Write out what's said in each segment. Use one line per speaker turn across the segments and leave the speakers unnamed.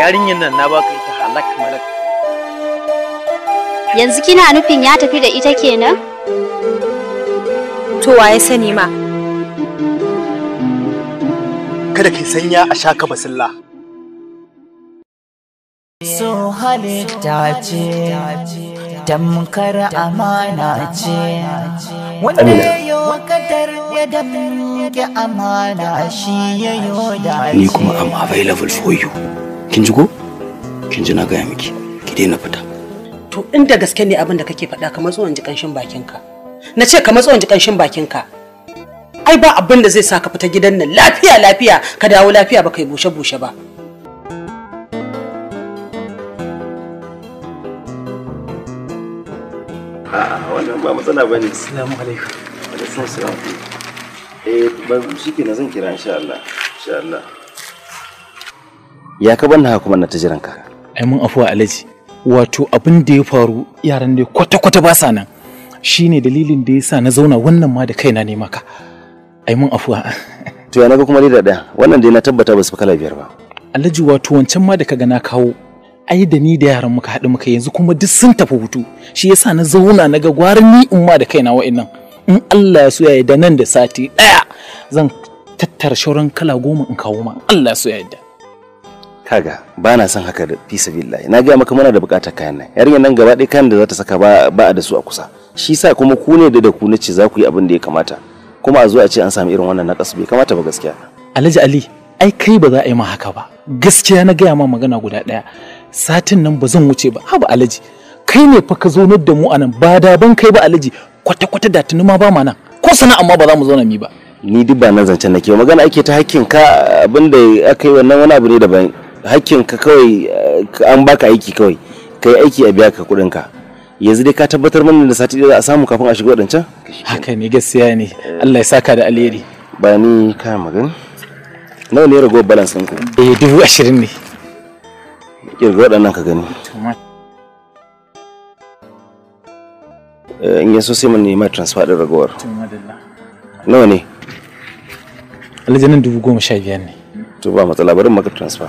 yarinyar nan na baka ita halak
malak
yanzu kina nufin ya tafi da ita kenan to waye sani ma
kada ka sanya a shaka basilla
so
halitta ce tamkar amana ce wanda kadar ya damke amana shi ni kuma
am available for you kin ji ko kin ji na gaya miki ki daina fita
to inda gaske ne abin da kake faɗa kamar tsohon ji ƙanshin bakinka na ce kamar tsohon ji ƙanshin bakinka ai ba abin da zai sa ka fita gidan nan lafiya lafiya ka dawo lafiya ba kai bushe bushe ba
a'a ah, wannan ba matsala bane assalamu alaikum alaikum assalam eh ba shi ke na zan kira insha Allah insha Allah ya ka ban haka kuma na ta jiran ka ai mun afuwa
alaji wato abin da ya faru yaran ne kwata kwata ba sa nan shine dalilin da yasa na zauna wannan ma da kaina ne maka ai mun afuwa
to ya naga kuma dai da daya wannan dai na tabbata ba su fi kala biyar ba
alaji wato wancan ma da kaga na kawo ai da ni da yaran muka haɗu muka yanzu kuma duk sun tafi hutu shi yasa na zauna na ga gwarin ni in ma da kaina wa'annan in Allah ya so ya da nan da sati ɗaya zan tattara shauran kala
goma in kawo ma Allah ya so ya kaga ba na son haka da fi sabilillahi na gaya maka muna da bukatar kayan nan yarinyar nan gaba ɗaya kayan da za ta saka ba a da su a kusa shi sa kuma ku ne da da ku nace za ku yi abin da ya kamata kuma a zo a ce an sami irin wannan nakas bai kamata ba gaskiya
Alhaji Ali ai kai ba za a yi ma haka ba gaskiya na gaya ma magana guda ɗaya satin nan ba zan wuce ba haba Alhaji kai ne fa ka zo da mu anan ba da ban kai ba Alhaji kwata kwata da tuni ma ba ma nan ko sana'a ma ba za mu zo na mi ba
ni duk ba nan zancen nake magana ake ta hakkin ka abinda aka yi wannan wani abu ne daban hakkin ka kawai eh, an baka aiki kawai kai aiki a biya ka kudin ka yanzu dai ka tabbatar mana da sati da a samu kafin a shiga waɗancan haka ne gaskiya ne Allah ya saka da alheri ba ni ka magan nawa ne ragowar balance ɗinku
eh dubu ashirin ne
kirga waɗannan ka gani eh, in yaso sai mun nema transfer ɗin ragowar nawa ne aljanin dubu goma sha biyar ne to ba matsala bari maka transfer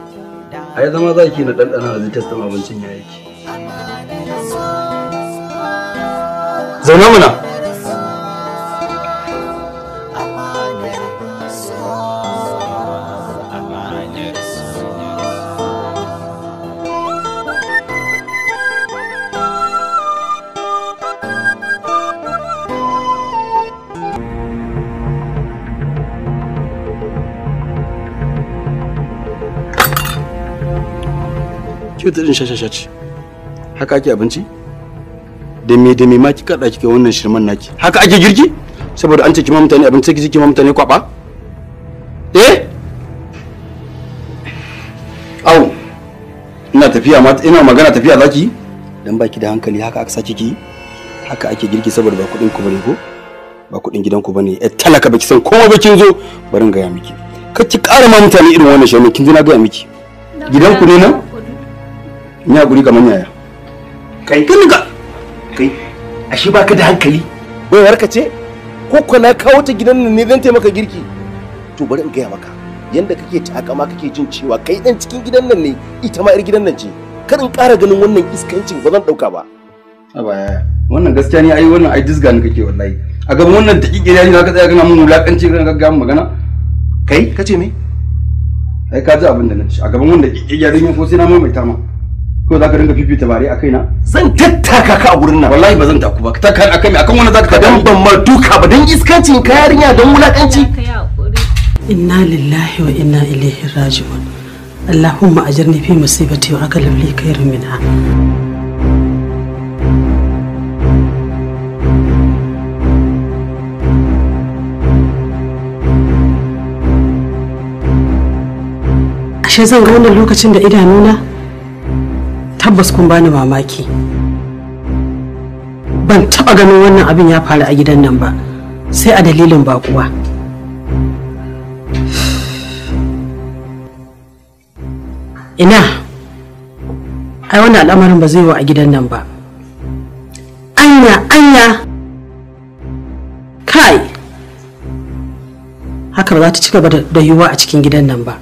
ai zama za ki na ɗanɗana da zai abincin ya yake zauna muna ki ta din shashasha ce haka ake abinci da me da me ma ki kada kike wannan shirman naki haka ake girki saboda an ce ki ma mutane abinci sai ki ki ma mutane kwaba eh au ina tafiya ma ina magana tafiya zaki dan baki da hankali haka aka saki ki haka ake girki saboda ba kudin ku bane ko ba kudin gidan ku bane eh talaka baki san kowa ba kin zo barin ga ya miki kar ki ƙara ma mutane irin wannan shirman kin ji na ga miki gidan ku ne nan ina guri ga yaya kai kin ga kai ashe baka da hankali wai harka ce ko ko na kawo ta gidan nan ne zan taimaka girki to bari in gaya maka yanda kake takama kake jin cewa kai dan cikin gidan nan ne ita ma yar gidan nan ce kar in ƙara ganin wannan iskancin ba zan ɗauka ba a baya wannan gaskiya ne ai wannan ai disga ne kake wallahi a gaban wannan dakiki ne zaka tsaya kana mun wulakanci kana gaggawa magana kai kace me ai ka ji abin da na ci a gaban wannan dakiki ne ko sai na mai ma ko za ka fifita bare a kaina zan tattaka ka a gurin nan wallahi ba zan taku ba ka taka a kai akan wani zaka dan ban ma duka ba
dan iskancin ka yarinya dan wulakanci inna lillahi wa inna ilaihi raji'un allahumma ajirni fi musibati wa aqlib li khairin minha ashe zan ga wannan lokacin da idanuna tabbas kun bani mamaki ban taba ganin wannan abin ya faru a gidan nan ba sai a dalilin bakuwa ina ai wannan al'amarin ba zai yi a gidan nan ba anya anya kai haka ba za ta ci gaba da yiwuwa a cikin gidan nan ba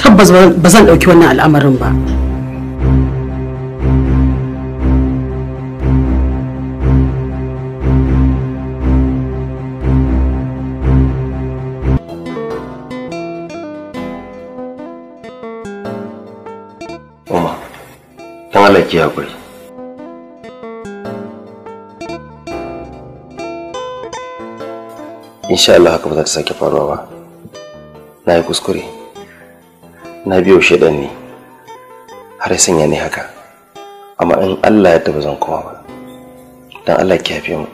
tabbas ba zan ɗauki wannan al'amarin ba.
Uma, don Allah ki haƙuri. Insha Allah haka ba za ta sake faruwa ba. Na yi kuskure. Na biyo shaidan ne. Har ya ni haka. Amma in Allah ya ba zan koma ba. Dan Allah ki haife mu.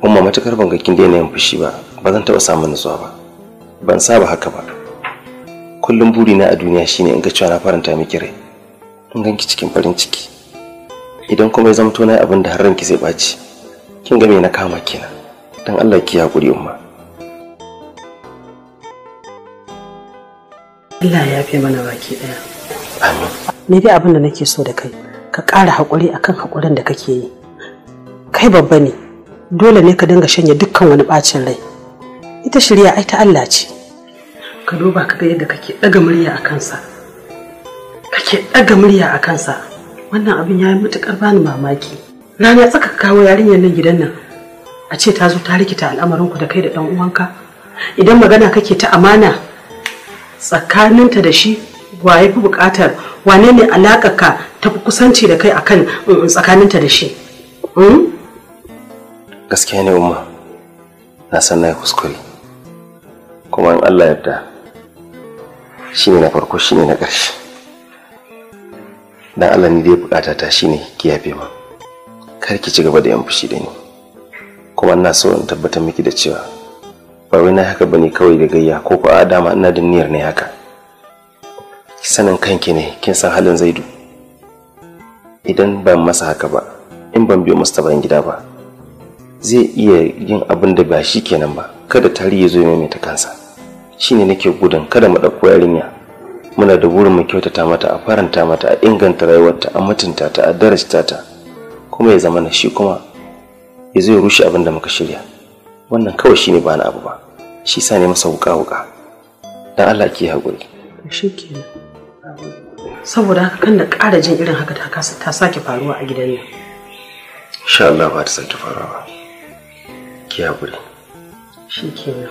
Umma matukar ban ga kin daina yin fushi ba, ba zan taɓa samun nutsuwa ba. Ban saba haka ba. kullum buri na a duniya shine in ga cewa na faranta miki rai in ganki cikin farin ciki idan kuma ya zama na abin da har ranki zai ɓaci kin ga me na kama kina, dan Allah ki hakuri umma
Allah ya fi mana baki daya amin ni dai abin da nake so da kai ka ƙara hakuri akan hakurin da kake yi kai babba ne dole ne ka dinga shanye dukkan wani ɓacin rai ita shirya ai ta Allah ce ka duba ka ga yadda kake ɗaga murya a kansa kake ɗaga murya a kansa wannan abin ya yi matuƙar bani mamaki rana tsaka kawo yarinyar nan gidan nan a ce ta zo ta rikita al'amarin ku da kai da ɗan uwanka idan magana kake ta amana tsakaninta da shi wa ya fi buƙatar wane ne ka ta fi kusanci da kai akan mm, tsakaninta da shi hmm?
gaskiya ne umma na san na kuskure kuma in allah yarda shine na farko shine na ƙarshe dan Allah ni dai bukata ta shine ki yafe ma kar ki ci gaba da yan fushi da ni kuma ina so in tabbatar miki da cewa ba wai na haka bane kawai da gayya ko ko a dama ina da niyyar ne haka sanin kanki ne kin san halin zaidu idan ban masa haka ba in ban biyo masa ban gida ba zai iya yin abin da ba shi kenan ba kada tarihi zo ya maimaita kansa shine nake gudun kada mu ɗauko yarinya muna da burin mu kyautata mata a faranta mata a inganta rayuwarta a mutunta ta a darasta ta kuma ya zama na shi kuma ya zo ya rushe abin da muka shirya wannan kawai shine ba na abu ba shi sa ne masa wuka wuka dan Allah ki haƙuri
saboda haka kan da ƙara jin irin haka ta kasa ta sake faruwa a gidan nan
insha Allah ba ta sake faruwa ki haƙuri
shikenan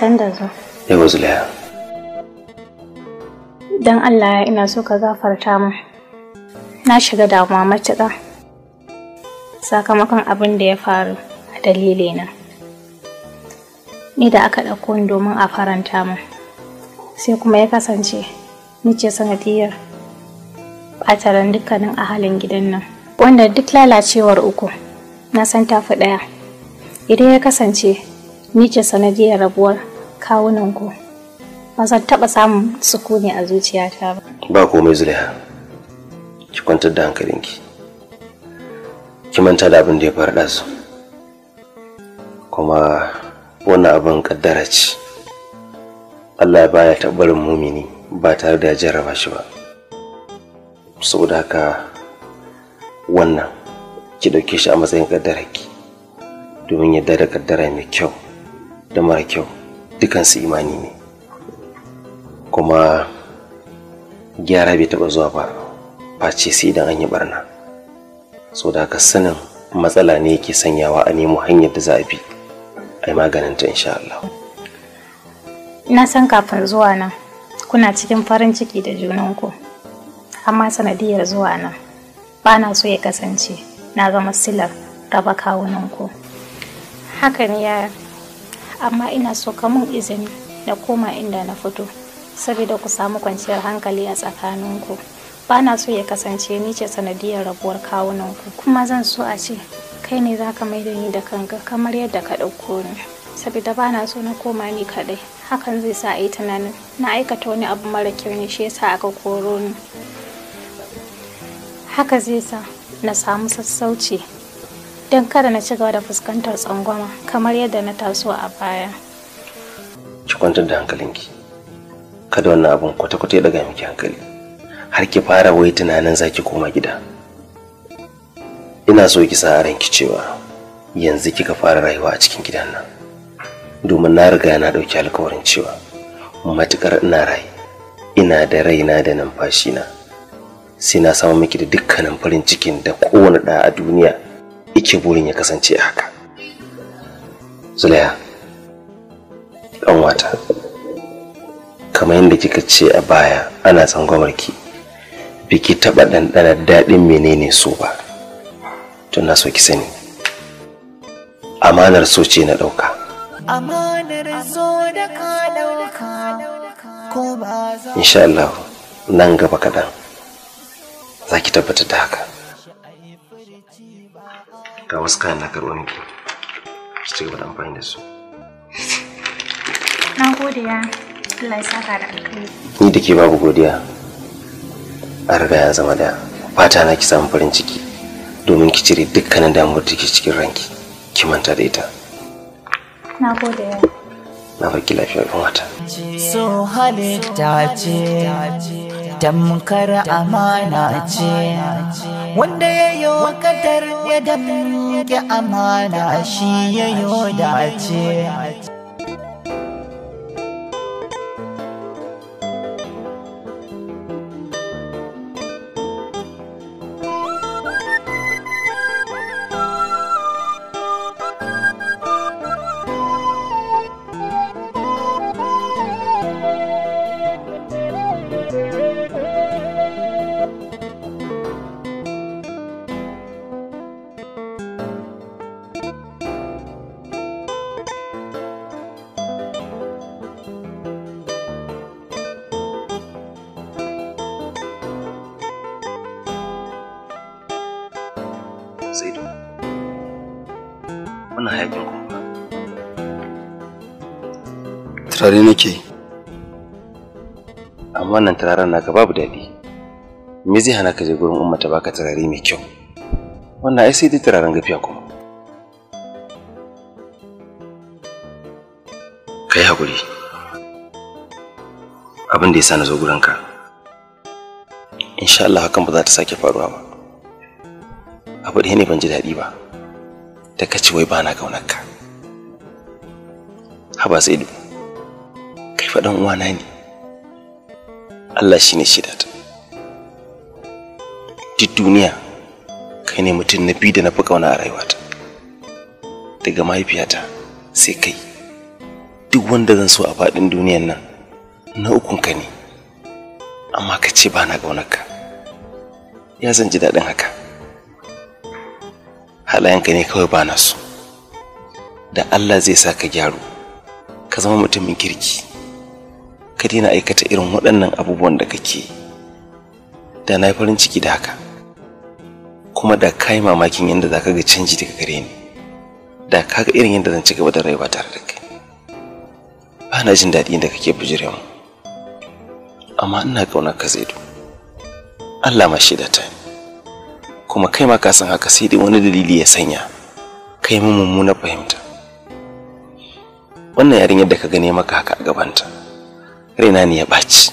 san da zo. Yawa Zulaiha. Don Allah ina so ka gafarta min. Na shiga damuwa matuƙa. Sakamakon abin da ya faru a dalilina. Ni da aka ɗauko ni domin a faranta min. Sai kuma ya kasance ni ce sanadiyar ɓataran dukkanin ahalin gidan nan. Wanda duk lalacewar uku na san tafi ɗaya. Idan ya kasance ni ce sanadiyar rabuwar kawunan ku ba zan taɓa samun sukuni a zuciyata ba.
Ba komai Zulaiha, ki kwantar da hankalinki. Ki manta da abin da ya faru su. Kuma wannan abin kaddara ce. Allah baya taɓarin mumini ba tare da jarraba shi ba. Saboda haka wannan ki ɗauke shi a matsayin kaddararki domin yadda da kaddara mai kyau da mara kyau. dukansu imani ne kuma gyara bai taba zuwa ba face sai idan an yi barna so da haka sanin matsala ne yake sanyawa a nemo hanyar da za a bi a yi maganinta insha Allah.
na san kafin zuwa nan kuna cikin farin ciki da junanku amma sanadiyar zuwa na, ba na so ya kasance na zama silar raba kawunanku ne ya amma ina so ka mun izini na koma inda na fito saboda ku samu kwanciyar hankali a tsakaninku ba na so ya kasance ni ce sanadiyar rabuwar kawunanku kuma zan so a ce kai ne za ka mai da ni da kanka kamar yadda ka ɗauko ni saboda ba na so na koma ni kaɗai hakan zai sa a yi tunanin na aikata wani abu mara kyau ne shi yasa aka koro ni haka zai sa na samu sassauci don kada na ci gaba da fuskantar tsangwama kamar yadda na taso a baya.
Ki kwantar da hankalinki. Kada wannan abun kwata-kwata ya daga miki hankali. Har ki fara wai tunanin za ki koma gida. Ina so ki sa ranki cewa yanzu kika fara rayuwa a cikin gidan nan. Domin na riga na ɗauki alkawarin cewa matukar ina rai ina da raina da numfashi na. sai na samu miki da dukkanin farin cikin da kowane ɗa a duniya yake burin ya kasance haka zulaiha ɗan wata kamar yadda kika ce a baya ana tsangwamarki biki taɓa ɗanɗana daɗin menene so ba to na so ki sani amanar so ce na ɗauka amanar so da
ka ɗauka ko ba
za insha Allah nan gaba kaɗan za ki tabbatar da haka ga wasu kayan na karɓo miki su ci gaba da amfani da su
na gode ya Allah ya saka da alkhairi
ni da ke babu godiya a riga ya zama da fata na ki samu farin ciki domin ki cire dukkanin damuwar da ke cikin ranki ki manta da ita na gode ya na farki lafiya ga wata
so halitta ce tamkar amana ce wanda ya yi wakadar ya damke amana shi ya yi
dace tare nake amma nan turaren naka babu daɗi me zai hana ka je gurin umma ta baka turare mai kyau wannan ai sai dai turaren gafiya kuma kai hakuri abin da ya sa na zo gurinka insha Allah hakan ba za ta sake faruwa ba abu ne ban ji daɗi ba ta kace wai ba na ka. haba sai fa dan uwana ne Allah shine shidata duk duniya kai ne mutum na biyu da na fi kauna a rayuwata daga mahaifiyata sai kai duk wanda zan so a faɗin duniyan nan na ukun ka ne amma ka ce ba na ƙaunarka ya zan ji daɗin haka halayenka ne kawai ba na so da Allah zai sa ka gyaru ka zama mutumin kirki ka daina aikata irin waɗannan abubuwan da kake da na farin ciki da haka kuma da ka yi mamakin yadda za ka ga canji daga gare ni da ka ga irin yadda zan ci gaba da rayuwa tare da kai ba na jin daɗi da kake bujire mu amma ina ƙaunar ka zaidu Allah ma shaida ta kuma kai ma ka san haka sai dai wani dalili ya sanya kai mu mummunar fahimta wannan yarinyar da ka gane maka haka a gabanta raina ne ya ɓaci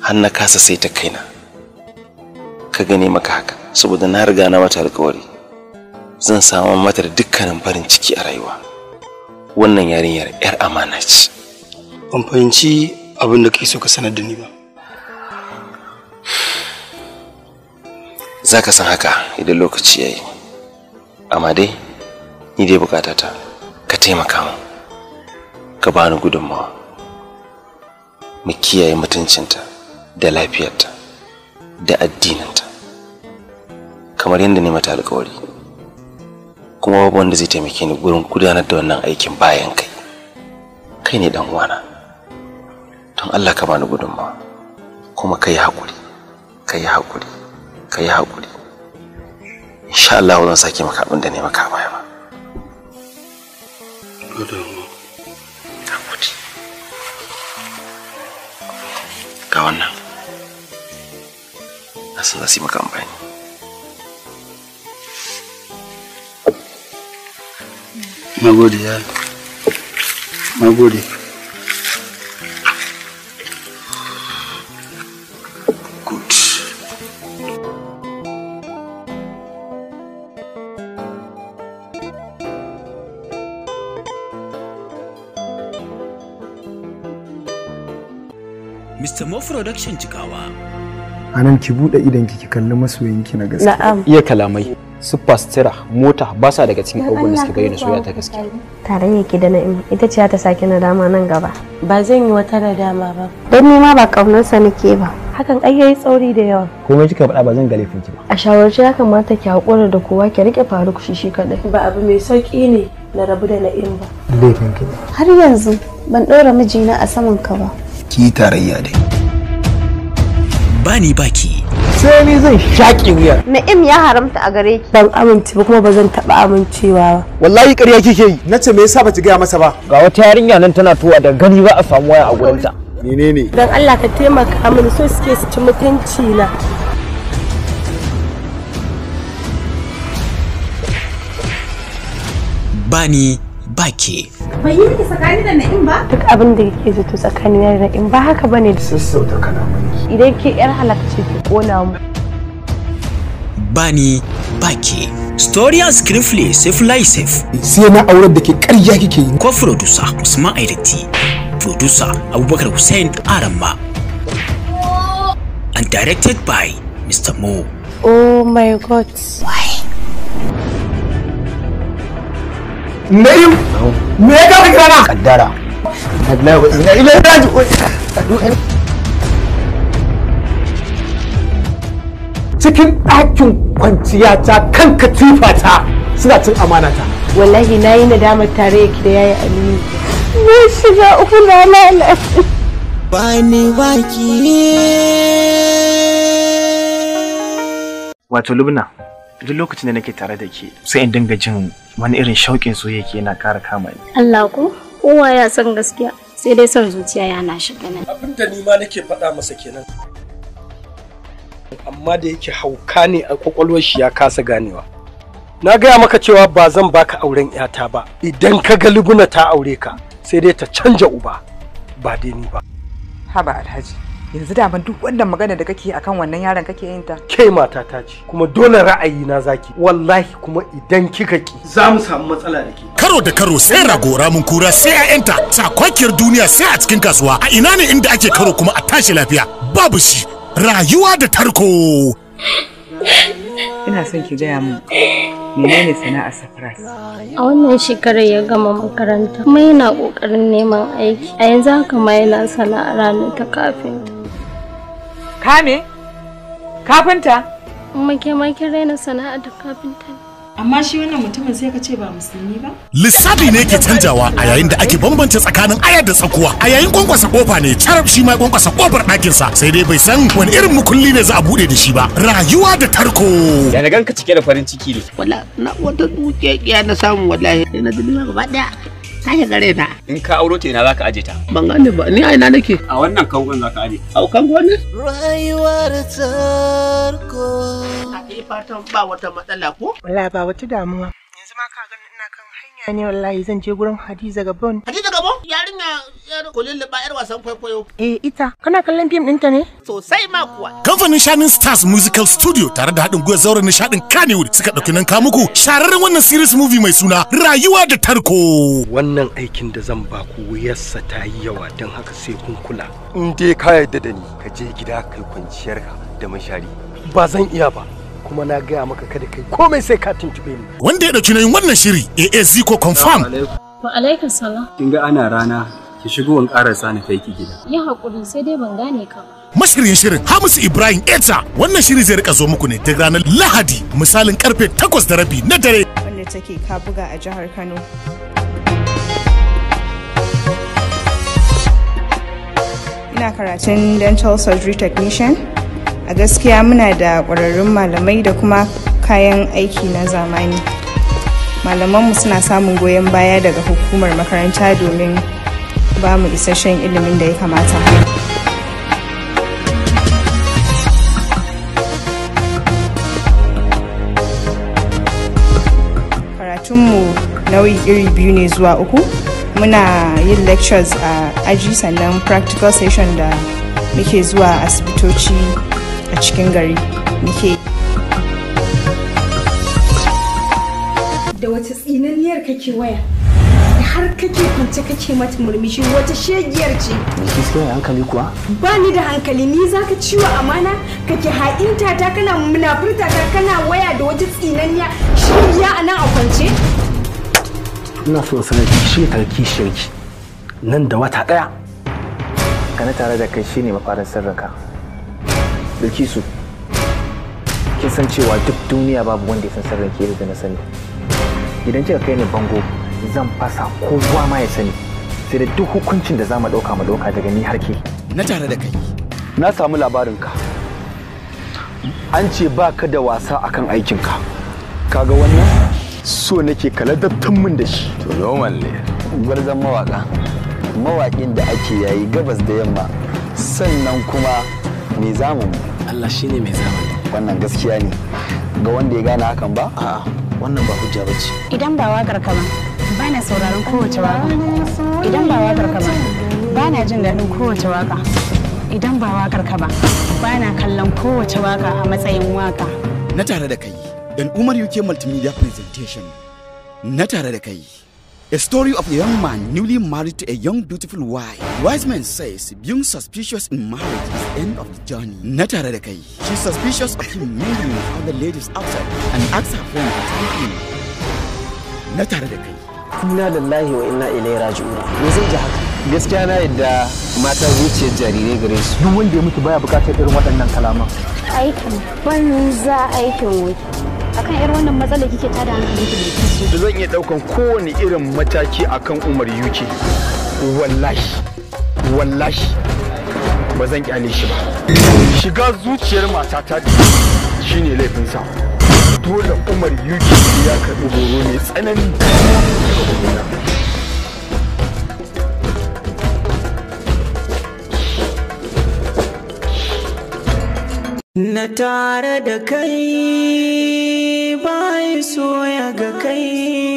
har na kasa sai ta kaina ka gane maka haka saboda na riga na mata alkawari zan samu mata da dukkanin farin ciki a rayuwa wannan yarinyar yar amana ce
ban fahimci abin da kai so ka sanar da ni ba
za ka san haka idan lokaci ya yi amma dai ni dai ta ka taimaka mu ka bani gudunmawa mu kiyaye mutuncinta da lafiyarta da addininta kamar yadda ne mata alkawari kuma babu wanda zai taimake ni gurin gudanar da wannan aikin bayan kai kai ne dan uwana don Allah ka bani gudunmawa kuma kai hakuri kai hakuri kai hakuri insha Allah zan sake maka abin da ne maka baya ba morning. da za su yi maka amfani na
Production Jigawa.
Anan ki buɗe idan ki kalli masoyinki na gaske. Na'am. Iya kalamai. mota ba sa daga cikin abubuwan da suka bayyana soyayya ta
gaske. Tarayya ki da na'im ita ce ta sake dama nan gaba. Ba zan yi wata nadama ba. Don ni ma ba kaunarsa nake ba. Hakan ai yayi tsauri da yawa.
Komai kika faɗa ba zan ga laifin ki ba.
A shawarce ya kamata
ki haƙura da kowa ki rike faruk shi shi kaɗai. Ba abu mai sauƙi ne na rabu da na'im ba.
Laifin ki.
Har yanzu ban ɗora mijina a saman ka ba.
Ki tarayya dai. bani baki sai ni zan shaƙe wuya
na'im ya haramta
a gare ki ban amince ba kuma ba zan taɓa amincewa ba
wallahi ƙarya kike yi nace me yasa bata gaya
masa ba ga wata yarinya nan tana tuwa da gani ba a samu waya a gurinta menene dan Allah ka taimaka mini so suke su ci mutunci na
bani baki
bai yi ki tsakani da na'im ba duk abin da kike zato tsakani da na'im ba haka bane da. sassauta
kalamanki idan ke yar halakci ki kona mu
bani baki Storia Screenplay Safe Life Safe. Sai na aurar da ke ƙarya kike yi. Ko producer Usman Aidati. Producer Abubakar Hussein Aramba. And directed by Mr. Mo.
Oh my god. Why?
Nayu? Me ya kafa kira na?
Cikin ɗakin kwanciya ta kan tufa ta suna cin amana ta.
Wallahi na yi nadamar tare ki da yayi Aliyu. ne shiga uku na lalace. Bani waki.
Wato Lubna, duk lokacin da nake tare da ke sai in dinga jin wani irin shauƙin soyayya ke yana ƙara kama ni.
Allah ko kowa ya san gaskiya sai dai son zuciya yana shiga nan.
Abin da ni ma nake faɗa masa kenan. Amma da yake hauka ne a kwakwalwar shi ya kasa ganewa. Na gaya maka cewa ba zan baka auren 'yata ba idan ka ga Libuna ta aure ka sai dai ta canja uba ba dai ni ba.
Haba Alhaji. yanzu da duk wannan magana da kake akan wannan yaron kake yin ta
ke mata ta ce kuma dole ra'ayi na zaki
wallahi kuma idan kika ki za mu samu matsala da ke karo da karo sai rago, mun kura sai a yanta kwakiyar duniya sai a cikin kasuwa a ina ne inda ake karo kuma a tashi lafiya babu shi rayuwa da tarko ina son ki gaya min menene sana'ar safras
a wannan shekarar ya gama makaranta kuma yana kokarin neman aiki a yanzu haka ma yana sana'ar ranar ta kafinta Ka me? Kafinta? Make ma kin raina sana'a
da kafinta ne. amma shi wannan mutumin sai ka ce ba musulmi ba
lissafi ne ke canjawa a yayin da ake bambanta tsakanin ayar da tsakuwa a yayin kwankwasa kofa ne carab shi ma kwankwasa kofar ɗakin sa sai dai bai san wani irin mukulli ne za a bude da shi ba rayuwa da tarko ya na ganka cike da farin ciki ne wala
na wata dukiya na samu wallahi na duniya gaba daya kaya gare ta.
In ka auro ta ina za ka aje ta.
Ban gane ba, ni a ina nake. A
wannan kangon za ka aje. A
kangon ne? Rayuwar tarko. A yi fatan ba wata matsala ko? Wala ba wata damuwa. Yanzu ma ka gani. hanya ne wallahi zan je gurin Hadiza Gabon. Hadiza Gabon? Yarinya yar ba yar wasan kwaikwayo. Eh ita, kana kallon fim ɗinta ne? Sosai ma kuwa.
Kamfanin Shining Stars Musical Studio tare da haɗin gwiwar zauren nishaɗin Kannywood suka ɗauki nan muku shararren wannan series movie mai suna Rayuwa da Tarko. Wannan
aikin da zan ba ku wuyarsa ta yi yawa don haka sai kun kula. In dai ka yarda da ni
ka je gida kai kwanciyarka da mashari.
Ba zan iya ba. kuma na gaya maka kada kai komai sai ka tuntube ni
wanda ya dauki nayin wannan shiri AAC ko confirm
wa alaikum salam
kin ga ana rana ki shigo in ƙara sani kai ki gida
ya hakuri sai dai ban gane ka
Mashirin shirin Hamisu Ibrahim Eta wannan shiri zai rika zo muku ne duk ranar Lahadi misalin karfe 8 da rabi na dare
wanda take ka buga a jihar Kano ina karatun dental surgery technician a gaskiya muna da ƙwararrun malamai da kuma kayan aiki na zamani malamanmu suna samun goyon baya daga hukumar makaranta domin ba mu isasshen ilimin da ya kamata karatunmu nau'i iri biyu ne zuwa uku muna yin lectures a aji sannan practical session da muke zuwa asibitoci cikin gari muke da wata tsinanniyar kake waya da har kake
kwance kake mata murmushi wata shegiyar ce gaskiya hankali kuwa ba ni da hankali ni zaka ciwo amana kake ha'inta ta kana munafurta ta kana waya da wata tsinanniya shegiya a nan a kwance
ina so sanar ki shi tarki shirki nan da wata daya kana tare da kai shine mafarin sirrinka dauki su kin san cewa duk duniya babu wanda ya san sirrin ke da na sani idan kika kai ni bango zan fasa kowa ma ya sani sai da duk hukuncin da za mu ɗauka mu ɗauka daga ni har ke na tare da kai na samu labarin ka an ce ba ka da wasa akan ka kaga wannan so nake kala dattan min da shi to normal ne gwarzon mawaka mawakin da ake yayi gabas da yamma sannan kuma me zamu mu Allah shi ne mai zama. wannan gaskiya ne ga wanda ya gane hakan
ba a'a wannan ba hujja bace
idan ba wakar ka ba ba na sauraron kowace waka idan ba wakar ka ba ba na jin daɗin kowace waka idan ba wakar ka ba ba na kallon kowace waka a matsayin waka
na tare da kai dan Umar UK Multimedia Presentation na tare da kai A story of a young man newly married to a young beautiful wife. The wise man says being suspicious in marriage is the end of the journey. Na tare da kai. She's suspicious of him meeting with other ladies outside and asks her friend to take him. Na tare da kai.
Inna lillahi wa inna ilai
raji'un. Me zai ji haka? Gaskiya na yadda mata zuciyar jarirai gare su. Duk wanda ya mutu baya bukatar irin waɗannan kalaman.
Aikin za aikin wuce. akan irin wannan matsalar kike ta da hankali
ne. zan iya daukan kowane irin mataki akan umar UK, wallahi wallahi ba zan kyale shi ba shiga zuciyar matata shine laifinsa dole umar uk
ya karɓi horo mai tsanani daga
na tare da kai kai ba so ya ga kai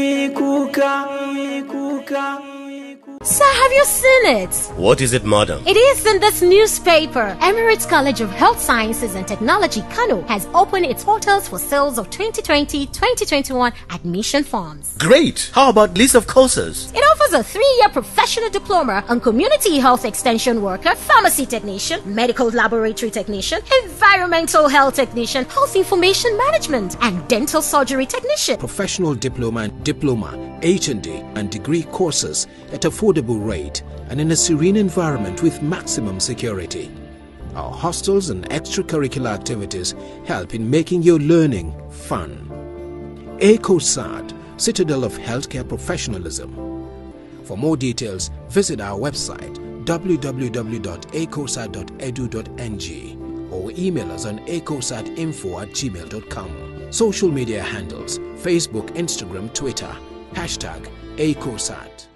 Sir, have you seen it?
What is it, madam?
It is in this newspaper. Emirates College of Health Sciences and Technology, Kano, has opened its portals for sales of 2020-2021 admission forms.
Great! How about list of courses?
It offers a three-year professional diploma on community health extension worker, pharmacy technician, medical laboratory technician, environmental health technician, health information management, and dental
surgery technician. Professional diploma and diploma HND and and degree courses at affordable rate and in a serene environment with maximum security. Our hostels and extracurricular activities help in making your learning fun. ACOSAT, Citadel of Healthcare Professionalism. For more details, visit our website www.acosat.edu.ng or email us on acosatinfo at gmail.com. Social media handles Facebook, Instagram, Twitter, Hashtag ACOSAT.